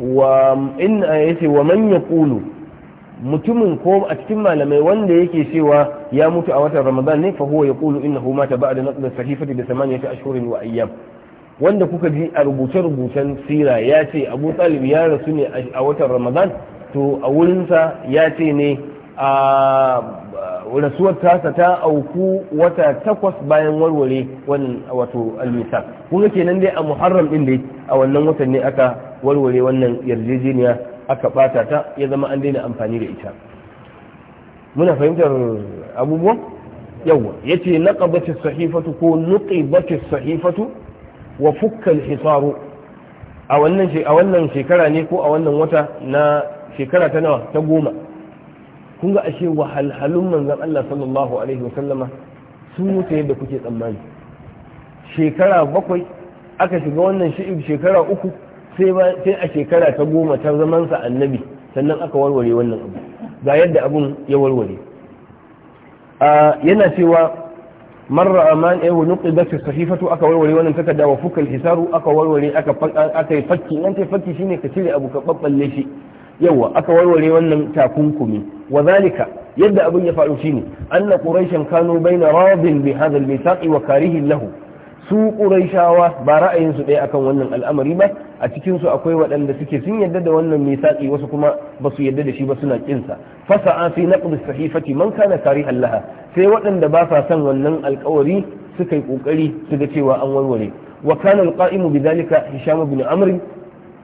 wa in ce wa manya kulu mutumin ko a cikin malamai wanda yake cewa ya mutu a watan ramadan ne fa huwa a da mata ba'da da sahifati ya ta ashirin wa ayyam wanda kuka ji a rubuce rubucen sira ya ce abu talib ya rasu ne a watan ramadan to a wurinsa ya ce ne a rasuwar tasa ta auku wata takwas bayan warware wannan wato almisa kuma kenan dai a muharram din dai a wannan watan ne aka warware wannan yarjejeniya aka bata ta ya zama an daina amfani da ita muna fahimtar abubuwa yawa yace naqabati sahifatu ko nuqibati sahifatu wa fukka hisaru a wannan a wannan shekara ne ko a wannan wata na shekara ta nawa ta goma kun ga ashe wahalhalun manzon Allah sallallahu alaihi sallama sun wuce yadda kuke tsammani shekara bakwai aka shiga wannan shi'ib shekara uku sai a shekara ta goma ta zamansa annabi sannan aka warware wannan abu ga yadda abun ya warware yana cewa marra aman ayu nuqidat sahifatu aka warware wannan takarda wa fukal hisaru aka warware aka aka yi fakki nan tai fakki shine ka cire abu ka babballe shi yawa aka warware wannan takunkumi wa zalika yadda abun ya faru shine anna quraishan kanu baina radin bi hadha al-mithaq wa karihin lahu su ƙuraishawa ba ra'ayinsu ɗaya akan wannan al'amari ba a cikinsu akwai waɗanda suke sun yadda da wannan misaƙi wasu kuma ba su yadda da shi ba suna ƙinsa fasa an fi na ƙudus sahifati man kana tari allaha sai waɗanda ba sa son wannan alƙawari suka yi ƙoƙari su ga cewa an warware wa kana alqa'imu bidhalika hisham ibn amr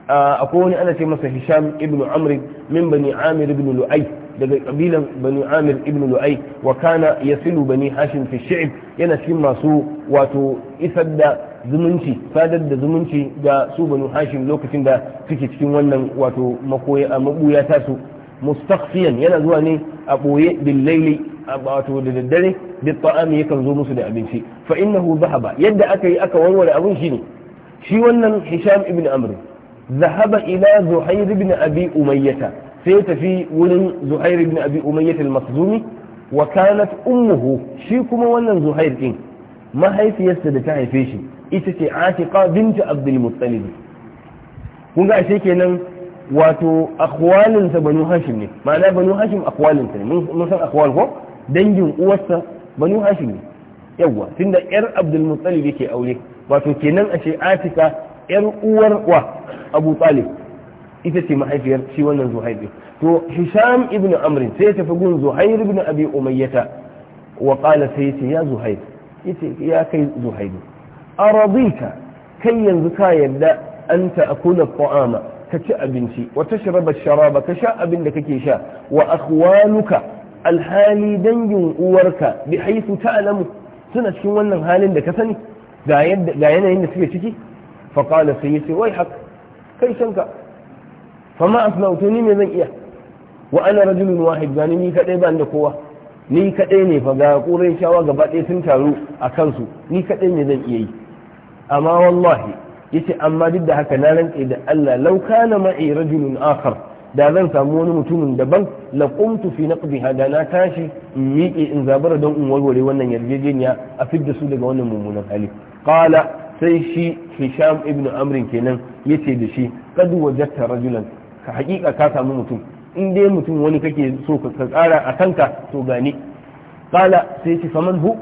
akwai wani ana ce masa hisham ibn amr min bani amir ibn lu'ay daga kabilan bani amir ibn lu'ai wa kana yasilu bani hashim fi shi'ib yana cikin masu wato isar da zumunci sadar da zumunci ga su banu hashim lokacin da suke cikin wannan wato makoya mabuya ta su mustaqfiyan yana zuwa ne a boye bil laili wato da daddare bi ta'ami yakan zo musu da abinci fa innahu dhahaba yadda aka yi aka warware abin shine shi wannan hisham ibn amr ذهب إلى زهير بن أبي أمية sai tafi wurin zuhair ibn abi umayyah al-makhzumi wa kanat ummuhu shi kuma wannan zuhair din mahaifiyarsa da ta haife shi ita ce atiqa bint abdul muttalib kun ga ashe kenan wato akhwalin sa banu hashim ne ma'ana banu hashim akhwalin sa ne mun san akhwal ko dangin uwarsa banu hashim ne yawa tunda yar abdul muttalib yake aure wato kenan ashe atika yar uwar wa abu talib ita ce mahaifiyar shi wannan zuhair to hisham ibn amrin sai ya tafi gun zuhair ibn abi umayyata wa qala sai yace ya zuhair yace ya kai zuhairi aradika kai yanzu ka yadda anta akula ta'ama ka ci abinci wa tashraba sharaba ka sha abin da kake sha wa akhwanuka alhali dangin uwarka bi haythu ta'lamu suna cikin wannan halin da ka sani ga yanayin da suke ciki faƙala sai ya wai haka kai shanka fama asnautu ni me zan iya wa ana rajulun wahid gani ni kadai ban da kowa ni kadai ne fa ga shawa gaba ɗaya sun taru a kansu ni kadai ne zan iya yi amma wallahi yace amma duk da haka na rantse da Allah lauka kana ma'i rajulun akhar da zan samu wani mutumin daban la qumtu fi naqdiha da na tashi in miƙe in zabara don in warware wannan yarjejeniya a fidda su daga wannan mummunan hali qala sai shi hisham ibnu amrin kenan yace da shi qad wajadta rajulan ka haƙiƙa ka samu mutum in dai mutum wani kake so ka tsara a kanka to gani kala sai ce faman hu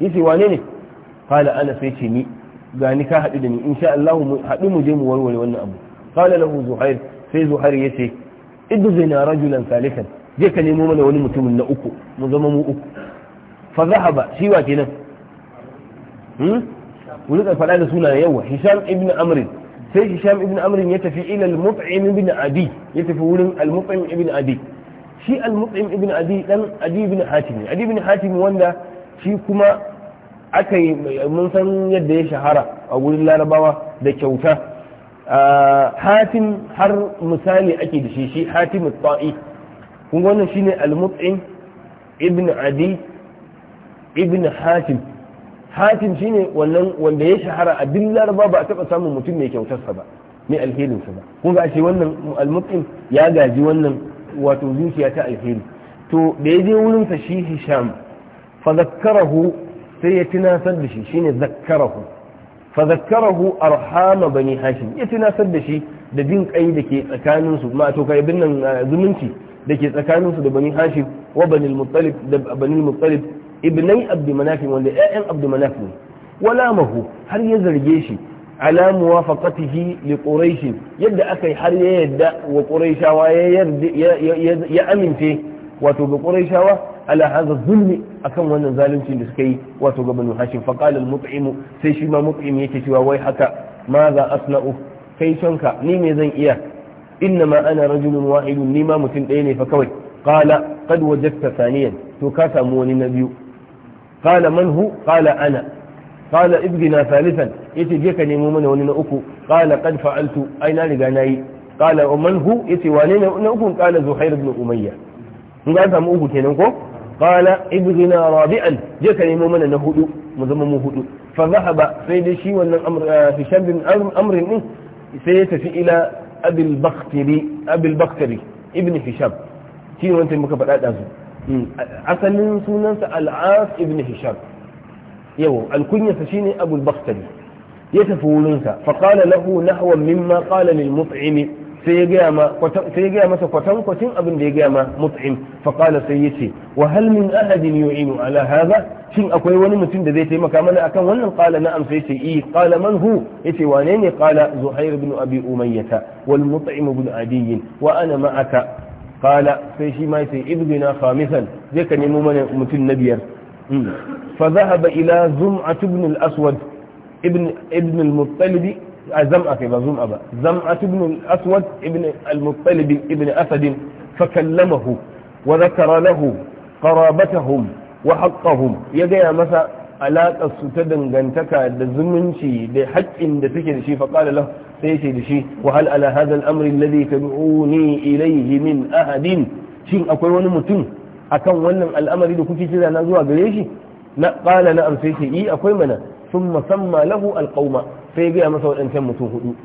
yace wane ne kala ana sai ce ni gani ka haɗu da ni insha Allah mu haɗu mu je mu warware wannan abu kala lahu zuhair sai zuhair yace iddu zaina rajulan salisan je ka nemo mana wani mutumin na uku mu zama mu uku fa zahaba shi wa kenan hmm wuri ka faɗa da sunayen yawa hisham ibn amr sai hisham ibn amrin ya tafi ila al-mut'im ibn adi ya tafi wurin al-mut'im ibn adi shi al-mut'im ibn adi dan adi ibn hatim adi ibn hatim wanda shi kuma aka yi mun san yadda ya shahara a wurin larabawa da kyauta hatim har misali ake da shi shi hatim ta'i kun wannan shine al-mut'im ibn adi ibn hatim hatim shine wannan wanda ya shahara a duk laraba ba a taba samun mutum mai kyautarsa ba mai alherinsa ba kun ga shi wannan almuqim ya gaji wannan wato zuciya ta alheri to da ya je wurin sa shi hisham fa zakkarahu sai ya tunasar da shi shine zakkarahu fa zakkarahu arhama bani hashim ya tunasar da shi da bin kai da ke tsakanin su ma to kai binnan zumunci da ke tsakanin su da bani hashim wa bani al da bani al ibnai abdu manafin wanda ƴaƴan abdu manafin wala mahu har ya zarge shi ala muwafaqatihi li quraish yadda aka yi har ya yadda wa quraishawa ya ya amince wato ga quraishawa ala hadha zulmi akan wannan zaluncin da suka yi wato ga banu hashim fa qala al mut'im sai shi ma mut'im yake cewa wai haka ma za asna'u kai sonka ni me zan iya inna ma ana rajulun wahidun ni ma mutum ɗaya ne fa kawai qala qad wajadta thaniyan to ka samu wani na biyu qala manhu hu ana qala ibgina salisan yace je ka nemo mana wani na uku qala qad fa'altu ai na riga nayi qala wa man hu wane na uku qala zuhair ibn umayya kun ga samu uku kenan ko qala ibgina rabi'an je ka nemo mana na hudu mu zama mu hudu fa zahaba sai dai shi wannan hisham bin sai ya tafi ila abil bakhtiri abil bakhtiri ibn hisham shi ne wanda muka faɗaɗa su. asalin sunansa al'as ibn hisham yau alkunyarsa shine abul bakhtari ya tafi wurinsa faƙala lahu nahwan mimma qala lil sai ya gaya masa kwatan kwatin abin da ya gaya ma mut'im faƙala sai ya ce wa hal min ahadin yu'inu ala hadha shin akwai wani mutum da zai taimaka mana akan wannan qala na'am sai i eh, qala man hu yace wane ne qala zuhair ibn abi umayyah wal mut'im ibn adiy wa ana ma'aka qala sai shi ma yace ibdina khamisan zai ka nemo mana mutum na biyar fa zahaba ila zum'at ibn al-aswad ibn zam'a ba zum'a ba zam'at al-aswad ibn al-muttalib ibn asad fa kallamahu wa ya gaya masa alaƙar su ta dangantaka da zumunci da haƙƙin da take da shi da sai yake da shi wa ala hadha al-amri alladhi tad'uni ilayhi min ahadin shin akwai wani mutum akan wannan al'amari da kuke kira na zuwa gare shi na qala na am sai yi akwai mana thumma samma lahu al-qauma sai ga masa wadancan mutum hudu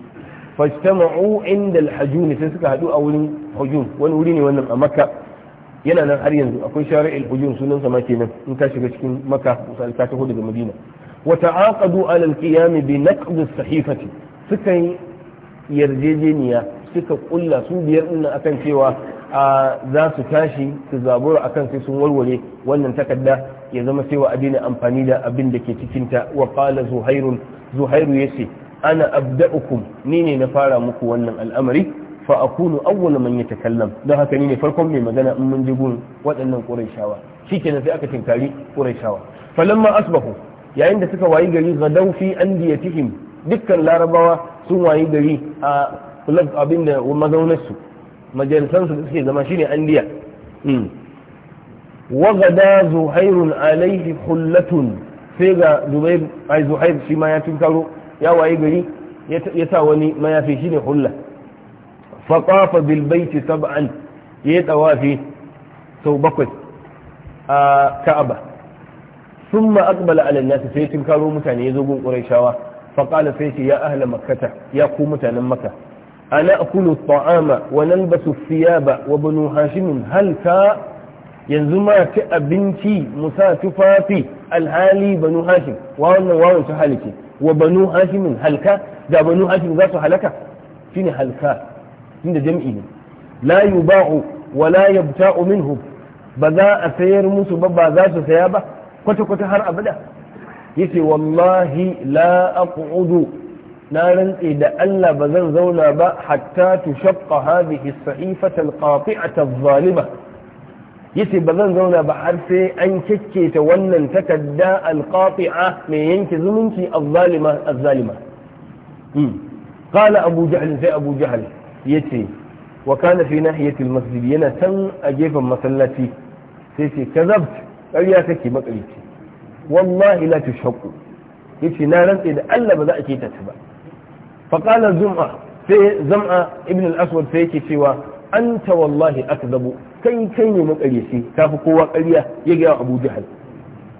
fajtama'u inda al-hajun sai suka hadu a wurin hujun wani wuri ne wannan a makka yana nan har yanzu akwai shari'il hujun sunan sa ma kenan in ka shiga cikin makka misali ka taho daga madina wata ta'aqadu ala al-qiyam bi naqd as-sahifati suka yi yarjejeniya suka kulla su biyar din akan cewa a za su tashi su zabura akan sai sun warware wannan takarda ya zama cewa a adina amfani da abin da ke cikinta wa kala zuhairun zuhairu yace ana abda'ukum ni ne na fara muku wannan al'amari fa akunu awwal man yatakallam don haka ni ne farkon mai magana in mun ji gun waɗannan qurayshawa shikenan sai aka tinkari ƙuraishawa falamma asbahu yayin da suka wayi gari gadau fi andiyatihim dukkan larabawa sun wayi gari a abin da mazaunarsu majalisansu da suke zama shine andiya hmm. wagada zuhairun alaihi hullatun sai ga zubair ai zuhair shi ma ya tunkaro ya wayi gari ya sa wani mayafi shine hulla faqafa bil sab'an ya tawafi sau bakwai a ka'aba thumma aqbala ala an sai tunkaro mutane ya zo gun qurayshawa faƙala sai ce ya ahla makata ya ku mutanen maka ana na kulu ta'ama wa nan ba su fiya ba wa banu hashimin halka yanzu ma abinci musa tufafi alhali banu hashim wa wannan wawon su wa banu hashimin halka ga banu hashim za su halaka shine halka inda jam'i ne la yuba'u wa la yabta'u minhu ba za a sayar musu ba ba za su saya ba kwata-kwata har abada yace wallahi la aqudu na rantse da Allah ba zan zauna ba hatta tushaqqa hadhihi as-sa'ifata al-qati'ata adh-dhalima yace ba zan zauna ba har sai an kekketa wannan takadda al-qati'a mai yanke zumunci adh-dhalima adh-dhalima hmm. qala abu jahl sai abu jahl yace wa kana fi nahiyati al-masjid yana tan a gefen masallaci sai ce kazab ƙarya kake makarici wallahi la tushaqqu yace na rantse da Allah ba za a keta ta ba fa qala zum'a sai zam'a ibn al-aswad sai yake cewa anta wallahi akdabu kai kai ne makaryaci kafi kowa ƙarya ya ga Abu Jahal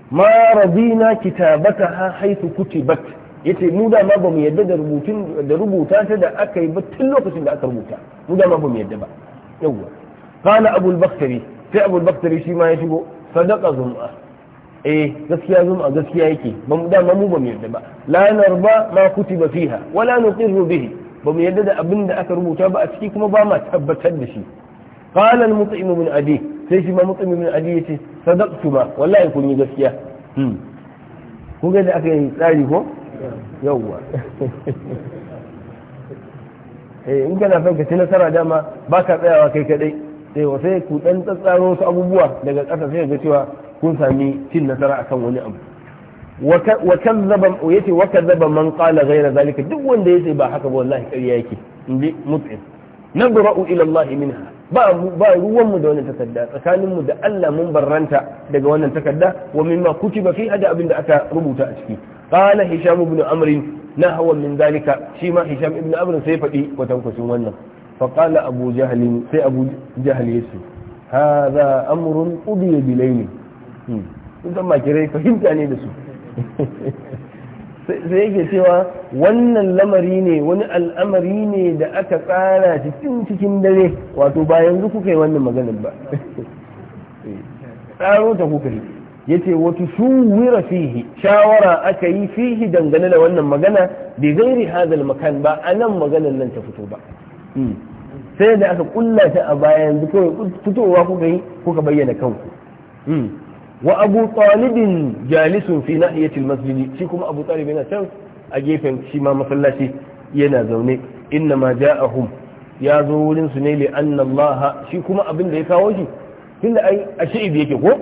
ma radina ha haythu kutibat yace mu da ma bamu yadda da rubutun da rubuta ta da aka yi ba tun lokacin da aka rubuta mu da ma bamu yadda ba yawwa qala Abu bakhtari sai Abu bakhtari shi ma ya shigo sadaqa zum'a eh gaskiya zuma gaskiya yake ba mu da mu ba mu yadda ba la narba ma kutiba fiha wala nuqir bihi ba mu yadda da abin da aka rubuta ba a ciki kuma ba ma tabbatar da shi qala al mut'im min adi sai shi ma mut'im min adi yace ba wallahi kun yi gaskiya hmm kun ga da aka yi tsari ko yawwa eh in kana son ka ci nasara dama baka tsayawa kai kadai eh, sai wasai ku dan tsatsaro wasu abubuwa daga ƙasa sai ga cewa kun sami cin nasara akan wani abu wa kazzaba yace wa kazzaba man qala ghayra zalika duk wanda ya sai ba haka ba wallahi ƙarya yake inji mut'im nadra'u ila Allah minha ba ba ruwan mu da wannan takarda tsakanin mu da Allah mun barranta daga wannan takarda wa mimma kutiba fi hada abinda aka rubuta a ciki qala hisham ibn amr nahwa min zalika shi ma hisham ibn amr sai faɗi kwatankwacin wannan fa qala abu jahl sai abu jahl yace hadha amrun udiya bilayni sun san makirai fahimta ne da su sai yake cewa wannan lamari ne wani al'amari ne da aka tsara cikin cikin dare wato ba yanzu kuka yi wannan maganar ba tsaro ta kuka yi ya ce wata shuwira fihi shawara aka yi fihi dangane da wannan magana bai gairi hazal makan ba a nan maganar nan ta fito ba sai da aka kulla ta a bayan fitowa kuka yi kuka bayyana kanku wa abu talibin jalisun fi nahiyatil masjidi shi kuma abu talib yana can a gefen shi ma masallaci yana zaune inna ma ja'ahum ya zo wurin su ne li anna allaha shi kuma abin da ya kawo shi tunda ai a shi'ib yake ko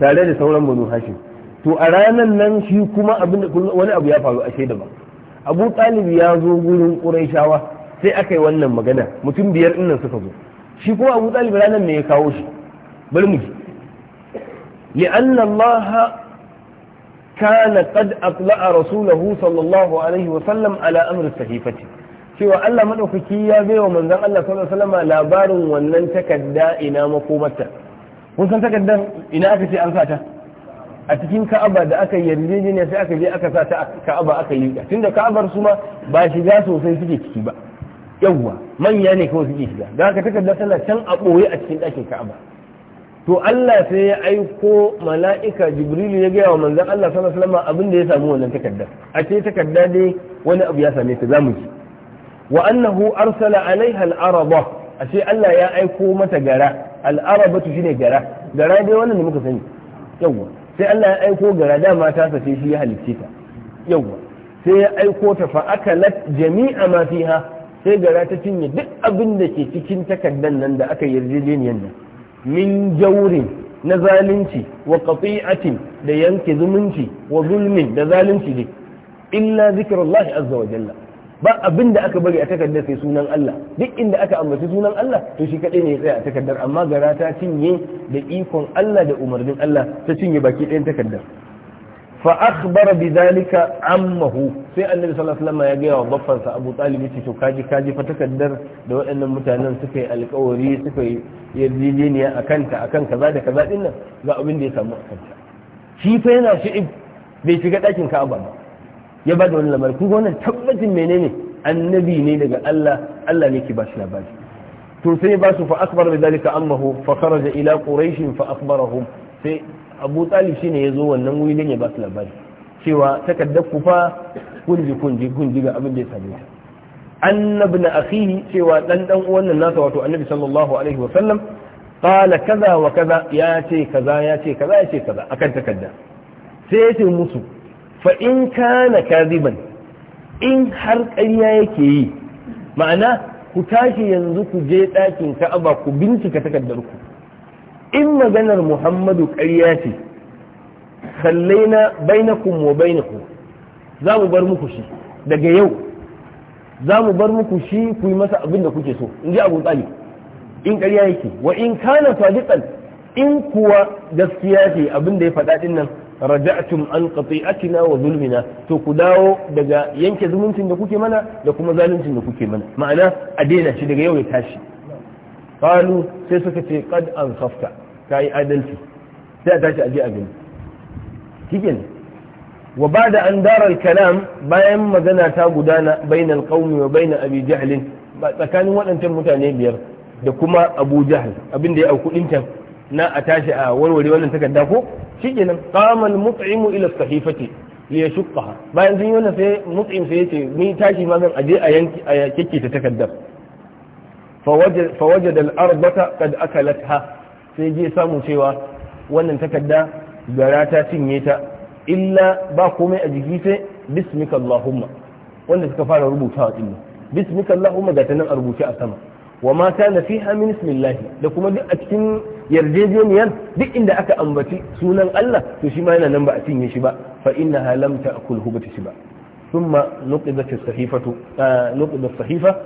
tare da sauran banu hashim to a ranar nan shi kuma abin wani abu ya faru a shaida ba abu talib ya zo gurin quraishawa sai aka yi wannan magana mutum biyar nan suka zo shi kuma abu talib ranar ne ya kawo shi bari mu ji لأن الله كان قد أطلع رسوله صلى الله عليه وسلم على أمر الصحيفة cewa Allah madaukaki ya baiwa manzon Allah sallallahu alaihi wasallam labarin wannan takarda ina makomarta kun san takaddar ina aka ce an sata a cikin Ka'aba da aka yarjeje ne sai aka je aka sata a Ka'aba aka yi ta tunda Ka'abar su ma ba shiga sosai suke ciki ba yawwa manya ne kawai suke shiga don haka takardar tana can a ɓoye a cikin ɗakin Ka'aba to Allah sai ya aiko mala'ika jibrilu ya gaya wa manzan Allah sallallahu alaihi wasallam abin da ya samu wannan takarda a ce takarda dai wani abu ya same ta zamu ji wa annahu arsala alaiha al-araba a ce Allah ya aiko mata gara al-araba shine gara gara dai wannan da muka sani yawa sai Allah ya aiko gara dama ta sace shi ya halicce ta yawa sai ya aiko ta fa akalat jami'a ma fiha sai gara ta cinye duk abin da ke cikin takardan nan da aka yarjejeniyar nan min jaurin na zalunci wa qati'atin da yanke zumunci wa zulmin da zalunci ne illa zikrullah azza wa jalla ba abin da aka bari a takardar sai sunan Allah duk inda aka ambaci sunan Allah to shi kadai ne ya tsaya a takardar amma gara ta cinye da ikon Allah da umarnin Allah ta cinye baki ɗayan takardar fa akhbara bidhalika ammahu sai annabi sallallahu alaihi wasallam ya gaya wa baffansa Abu Talib yace to kaji kaji fa takaddar da waɗannan mutanen suka yi alƙawari suka yi yarjejeniya akan ta akan kaza da kaza din nan ga abin da ya samu akan ta shi fa yana shi'ib bai shiga ɗakin Ka'aba ba ya ba da wani lamari kun wannan tabbacin menene annabi ne daga Allah Allah ne ke ba shi labari to sai ba su fa akhbara bidhalika ammahu fa kharaja ila quraish fa akhbarahum sai abu talib shine ya zo wannan wuri ne ya ba su labari cewa takaddar ku fa kunji kunji kunji ga abin da ya same ta annabi na akhihi cewa dan dan wannan nasa wato annabi sallallahu alaihi wa sallam qala kaza wa kaza ya ce kaza ya ce kaza ya ce kaza akan takadda sai ya ce musu fa in kana kaziban in har ƙarya yake yi ma'ana ku tashi yanzu ku je ɗakin ka'aba ku bincika takaddar ku in maganar muhammadu ƙarya ce sallaina bainakum wa bainakum za mu bar muku shi daga yau za mu bar muku shi ku yi masa abin da kuke so in ji abu tsali in ƙarya yake wa in kana sadiqan in kuwa gaskiya ce abin da ya faɗa ɗin nan raja'tum an qati'atina wa zulmina to ku dawo daga yanke zumuncin da kuke mana da kuma zaluncin da kuke mana ma'ana a daina shi daga yau ya tashi qalu sai suka ce kad an qad ta yi adalci sai a tashi aje a gani cikin wa ba da an darar kalam bayan magana ta gudana bainal qaumi wa bain abi jahl tsakanin waɗancan mutane biyar da kuma abu jahl abin da ya auku dintan na a tashi a warware wannan takarda ko shikenan qama al mut'imu ila sahifati ya yashqaha bayan sun yi wannan sai mut'im sai yace ni tashi ma zan aje a yanki a ta takardar fawajad al-arbata qad akalatha sai je samu cewa wannan takarda gara ta cinye ta illa ba komai a jiki sai bismika allahumma wanda suka fara rubuta din bismika allahumma ga ta nan a rubuce a sama wa ma kana fiha min ismillah da kuma duk a cikin yarjejeniyar duk inda aka ambaci sunan Allah to shi ma yana nan ba a cinye shi ba fa innaha lam ta'kulhu bata shi ba summa nuqidat as sahifa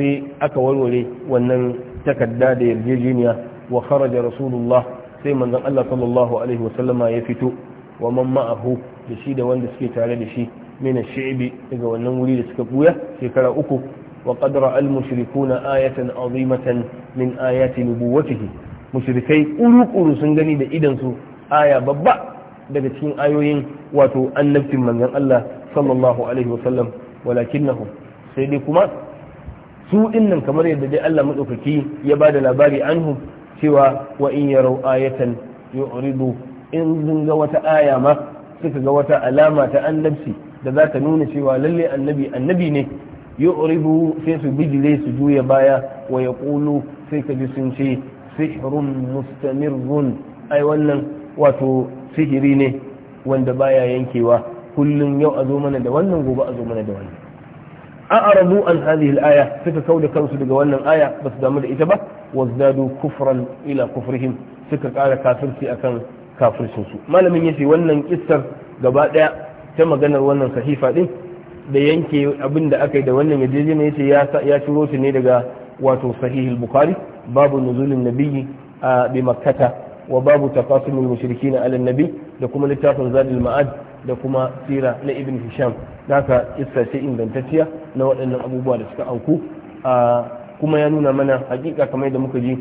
sai aka warware wannan takarda da yarjejeniya wa kharaja rasulullah sai manzon Allah sallallahu alaihi wasallama ya fito wa man ma'ahu da shi da wanda suke tare da shi min ash-shi'bi daga wannan wuri da suka buya shekara uku wa qad ra'a mushrikuna ayatan azimatan min ayati nubuwwatihi mushrikai kuru sun gani da idan su aya babba daga cikin ayoyin wato annabcin manzon Allah sallallahu alaihi wasallam walakinnahum sai dai kuma su dinnan kamar yadda dai Allah madaukaki ya ba da labari anhu cewa wa in yarau ayatan yu'ridu in sun ga wata aya ma suka ga wata alama ta annabci da za ta nuna cewa lalle annabi annabi ne yu'ridu sai su bijile su juya baya wa yaqulu sai ka ji sun ce sihrun mustamirrun ai wannan wato sihiri ne wanda baya yankewa kullum yau a zo mana da wannan gobe a zo mana da wannan a'radu an hadhihi aya suka kauda kansu daga wannan aya basu damu da ita ba wasu wazdadu kufran ila kufrihim suka kara kafirci akan kafircin su malamin yace wannan kissar gaba daya ta maganar wannan sahifa din da yanke abinda aka yi da wannan yarjejeniya yace ya ya ciro ta ne daga wato sahihul bukhari babu nuzulin nabiyyi bi makkata wa babu tafasimul mushrikina na nabi da kuma littafin zadul ma'ad da kuma tsira na ibn hisham naka iska ce ingantacciya na waɗannan abubuwa da suka auku a kuma ya nuna mana hakika kamar da muka ji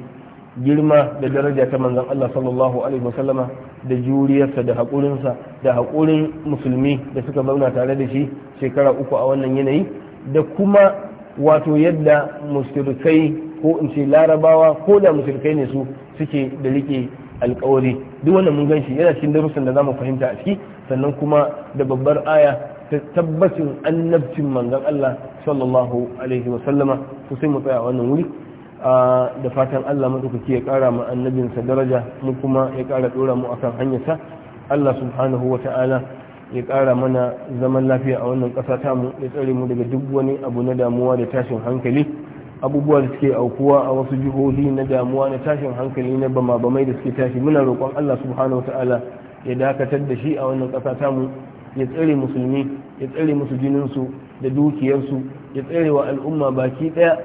girma da daraja ta manzan Allah sallallahu alaihi wasallama da juriyarsa da haƙurinsa da haƙurin musulmi da suka zauna tare da shi shekara uku a wannan yanayi da kuma wato yadda musulkai ko in ce larabawa ko da musulkai ne su suke da rike alkawari duk wannan mun gan shi yana cikin darussan da zamu fahimta a ciki sannan kuma da babbar aya ta tabbacin annabcin manzon Allah sallallahu alaihi wa sallama sai mu tsaya wannan wuri da fatan Allah madaukaki ya kara mu sa daraja mu kuma ya kara dora mu akan hanyar sa Allah subhanahu wa ta'ala ya kara mana zaman lafiya a wannan kasata mu ya tsare mu daga duk wani abu na damuwa da tashin hankali abubuwa da suke aukuwa a wasu jihohi na damuwa na tashin hankali na bama bamai da suke tashi muna roƙon Allah subhanahu ta'ala ya dakatar da shi a wannan ƙasa mu ya tsare musulmi ya tsare musu jininsu da dukiyarsu ya tsare wa al'umma baki ɗaya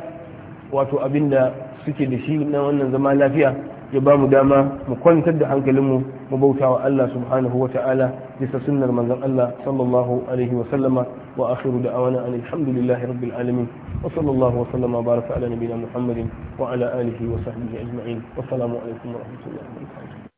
wato abin da suke da shi na wannan zama lafiya ya ba mu dama mu kwantar da hankalinmu mu bauta wa Allah subhanahu ta'ala bisa sunnar manzon Allah sallallahu alaihi wa sallama وآخر دعوانا أن الحمد لله رب العالمين وصلى الله وسلم وبارك على نبينا محمد وعلى آله وصحبه أجمعين والسلام عليكم ورحمة الله وبركاته